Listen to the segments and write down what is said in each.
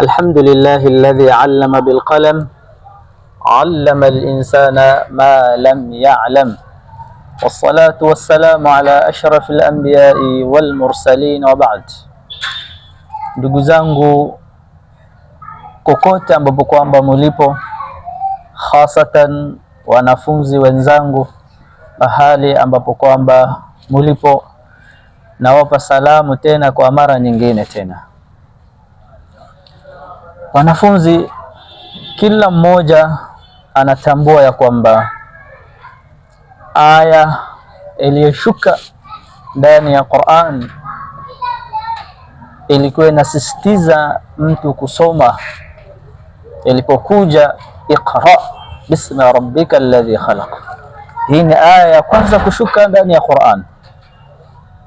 الحمد لله الذي علم بالقلم علم الإنسان ما لم يعلم والصلاة والسلام ala ashraf al-anbiya'i wal Ndugu zangu kokote ambapo kwamba mulipo, hasatan wanafunzi wenzangu, mahali ambapo kwamba mulipo, nawapa salamu tena kwa mara nyingine tena Wanafunzi kila mmoja anatambua ya kwamba aya iliyoshuka ndani ya Qur'an ilikuwa inasisitiza mtu kusoma. Ilipokuja iqra bismi rabbika alladhi khalaq, hii ni aya ya kwanza kushuka ndani ya Qur'an,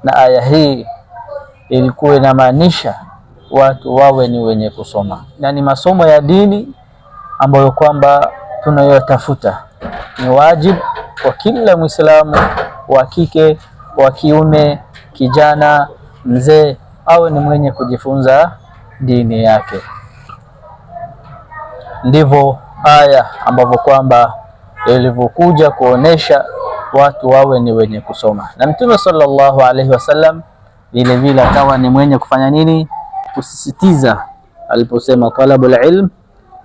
na aya hii ilikuwa inamaanisha watu wawe ni wenye kusoma, na ni masomo ya dini ambayo kwamba tunayotafuta ni wajibu kwa kila Muislamu wa kike, wa kiume, kijana, mzee, awe ni mwenye kujifunza dini yake. Ndivyo aya ambavyo kwamba ilivyokuja kuonesha watu wawe ni wenye kusoma, na Mtume sallallahu alaihi wasallam vile vile akawa ni mwenye kufanya nini? kusisitiza aliposema talabul ilm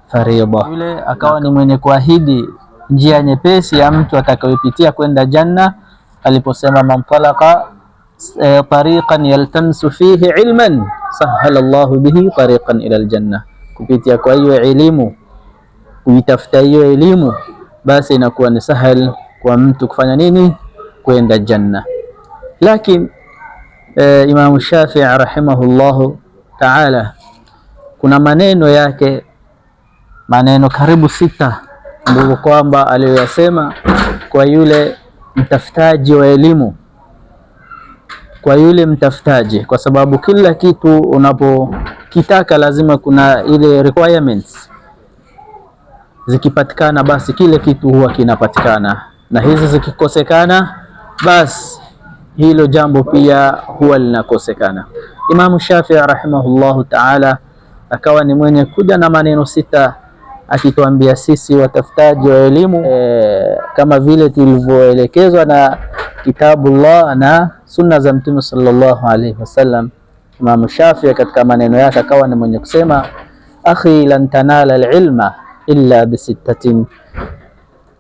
fariidha, yule akawa ni mwenye kuahidi njia nyepesi ya mtu atakayopitia kwenda janna, aliposema man talaqa e, tariqan yaltamsu fihi ilman sahala Allahu bihi tariqan ila aljanna, kupitia kwa hiyo elimu, kuitafuta hiyo elimu, basi inakuwa ni sahal kwa mtu kufanya nini? Kwenda janna. Lakini e, Imam Shafi'i rahimahullahu taala, kuna maneno yake maneno karibu sita ndio kwamba aliyoyasema kwa yule mtafutaji wa elimu, kwa yule mtafutaji, kwa sababu kila kitu unapokitaka lazima kuna ile requirements zikipatikana, basi kile kitu huwa kinapatikana, na hizi zikikosekana, basi hilo jambo pia huwa linakosekana. Imamu Shafii rahimahullahu taala akawa ni mwenye kuja na maneno sita akituambia sisi watafutaji wa elimu e, kama vile tulivyoelekezwa na kitabullah na sunna za Mtume sallallahu alaihi wasallam. Imamu Shafii katika maneno yake akawa ni mwenye kusema akhi lan tanala alilma illa bisittatin,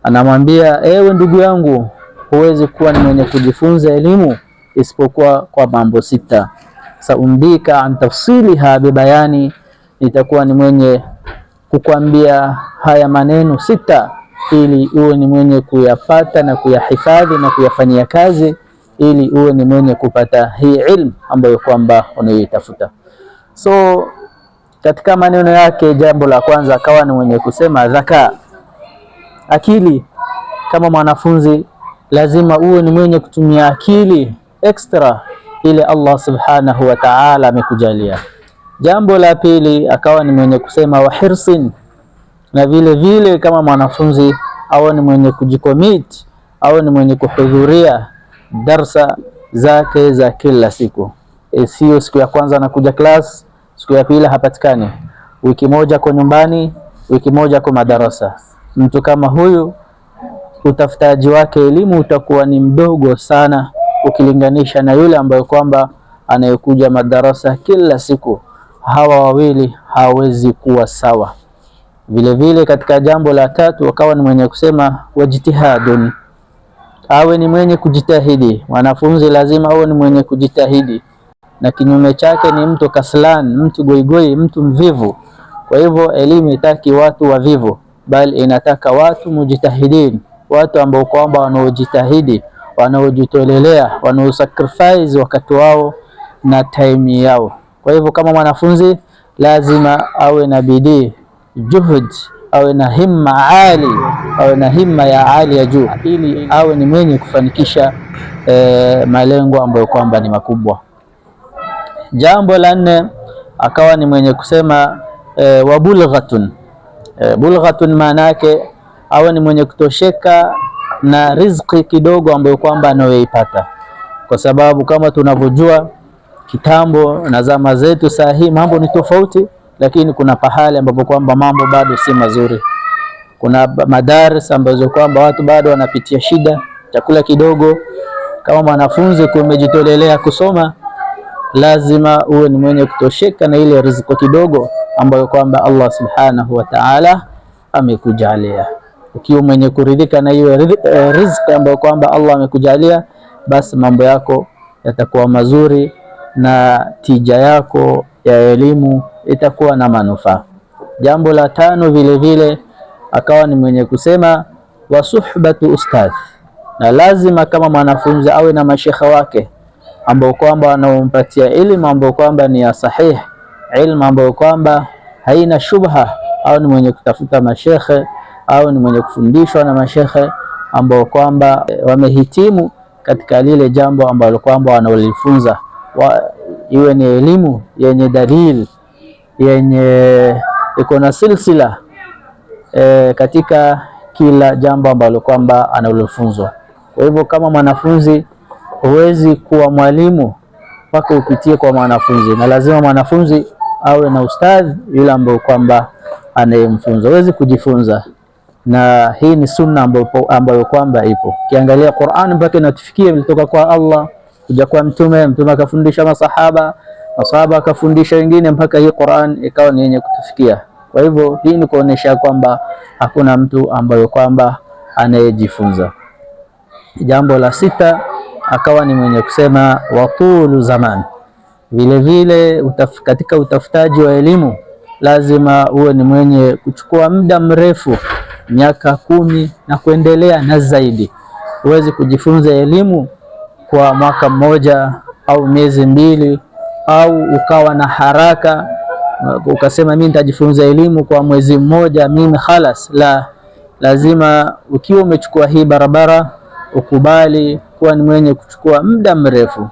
anamwambia ewe ndugu yangu, huwezi kuwa ni mwenye kujifunza elimu isipokuwa kwa mambo sita saundika an tafsiliha bibayani, nitakuwa ni mwenye kukwambia haya maneno sita, ili uwe ni mwenye kuyapata na kuyahifadhi na kuyafanyia kazi, ili uwe ni mwenye kupata hii ilmu ambayo kwamba unayoitafuta. So katika maneno yake, jambo la kwanza akawa ni mwenye kusema dhaka, akili. Kama mwanafunzi lazima uwe ni mwenye kutumia akili extra ile Allah subhanahu wa ta'ala amekujalia. Jambo la pili akawa ni mwenye kusema wahirsin, na vile vile kama mwanafunzi au ni mwenye kujikomit, au ni mwenye kuhudhuria darsa zake za kila siku, e, sio siku ya kwanza anakuja class, siku ya pili hapatikani, wiki moja kwa nyumbani, wiki moja kwa madarasa. Mtu kama huyu utafutaji wake elimu utakuwa ni mdogo sana ukilinganisha na yule ambaye kwamba anayekuja madarasa kila siku. Hawa wawili hawezi kuwa sawa. vile vile katika jambo la tatu, wakawa ni mwenye kusema wajtihadun, awe ni mwenye kujitahidi. Mwanafunzi lazima awe ni mwenye kujitahidi, na kinyume chake ni mtu kaslan, mtu goigoi, mtu mvivu. Kwa hivyo elimu itaki watu wavivu, bali inataka watu mujtahidin, watu ambao kwamba wanaojitahidi wanaojitolelea, wanaosacrifice wakati wao na time yao. Kwa hivyo kama mwanafunzi lazima awe na bidii, juhud, awe na himma ali, awe na himma ya ali ya juu, ili awe ni mwenye kufanikisha e, malengo ambayo kwamba ni makubwa. Jambo la nne akawa ni mwenye kusema e, eh, wabulghatun e, eh, bulghatun, maana yake awe ni mwenye kutosheka na riziki kidogo ambayo kwamba anayoipata, kwa sababu kama tunavyojua kitambo na zama zetu saa hii mambo ni tofauti, lakini kuna pahali ambapo kwamba mambo bado si mazuri. Kuna madaris ambazo kwamba watu bado wanapitia shida, chakula kidogo. Kama mwanafunzi kumejitolelea kusoma, lazima uwe ni mwenye kutosheka na ile riziki kidogo ambayo kwamba Allah subhanahu wa ta'ala amekujalia ukiwa mwenye kuridhika na hiyo eh, riziki ambayo kwamba Allah amekujalia, basi mambo yako yatakuwa mazuri na tija yako ya elimu itakuwa na manufaa. Jambo la tano vilevile akawa ni mwenye kusema wasuhbatu ustadh, na lazima kama mwanafunzi awe na mashekha wake ambao kwamba wanaompatia elimu ambayo kwamba ni ya sahihi, ilmu ambayo kwamba haina shubha, au ni mwenye kutafuta mashekhe au ni mwenye kufundishwa na mashehe ambao kwamba eh, wamehitimu katika lile jambo ambalo kwamba wanalifunza, iwe ni elimu yenye dalili yenye iko na silsila e, katika kila jambo ambalo kwamba analofunzwa. Kwa hivyo kama mwanafunzi huwezi kuwa mwalimu mpaka upitie kwa mwanafunzi, na lazima mwanafunzi awe na ustadhi yule ambaye kwamba anayemfunza. Huwezi kujifunza na hii ni sunna ambayo kwamba ipo kiangalia Qur'an mpaka inatufikia ilitoka kwa Allah kuja kwa mtume, mtume akafundisha masahaba, masahaba akafundisha wengine mpaka hii Qur'an ikawa ni yenye kutufikia. Kwa hivyo hii ni kuonesha kwamba hakuna mtu ambayo kwamba anayejifunza. Jambo la sita akawa ni mwenye kusema watulu zaman. Vile vile utaf, katika utafutaji wa elimu lazima uwe ni mwenye kuchukua muda mrefu miaka kumi na kuendelea na zaidi, uweze kujifunza elimu kwa mwaka mmoja au miezi mbili, au ukawa na haraka ukasema mimi nitajifunza elimu kwa mwezi mmoja mimi halas. La, lazima ukiwa umechukua hii barabara ukubali kuwa ni mwenye kuchukua muda mrefu,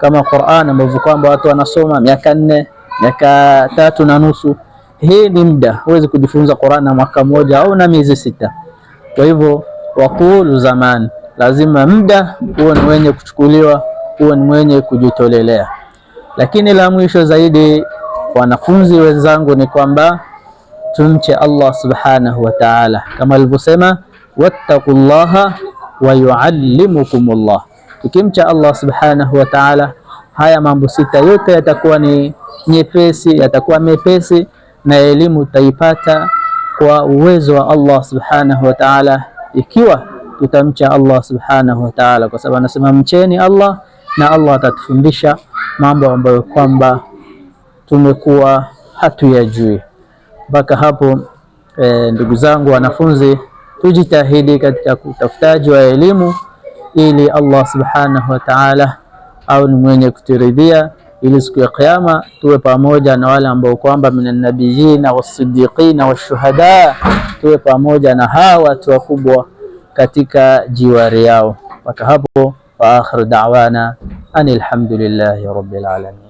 kama Qur'an ambavyo kwamba watu wanasoma miaka nne miaka tatu na nusu. Hii ni muda, huwezi kujifunza Qur'an na mwaka mmoja au na miezi sita. Kwa hivyo waqulu zaman, lazima muda huo ni mwenye kuchukuliwa, huo ni mwenye kujitolelea. Lakini la mwisho zaidi, wanafunzi wenzangu, ni kwamba tumche Allah subhanahu wa ta'ala, kama alivyosema wattaqullaha wa yuallimukumullah. Tukimcha Allah subhanahu wa ta'ala, haya mambo sita yote yatakuwa ni nyepesi, yatakuwa mepesi na elimu tutaipata kwa uwezo wa Allah subhanahu wa ta'ala, ikiwa tutamcha Allah subhanahu wa ta'ala, kwa sababu anasema mcheni Allah na Allah atatufundisha mambo ambayo kwamba tumekuwa hatuyajui. Mpaka hapo e, ndugu zangu wanafunzi, tujitahidi katika utafutaji wa elimu ili Allah subhanahu wa ta'ala au ni mwenye kuturidhia ili siku ya Kiyama tuwe pamoja na wale ambao kwamba minannabiyina wasiddiqina washuhada, tuwe pamoja na hawa watu wakubwa katika jiwari yao. Mpaka hapo, wa akhiru da'wana anilhamdulillahi rabbil alamin.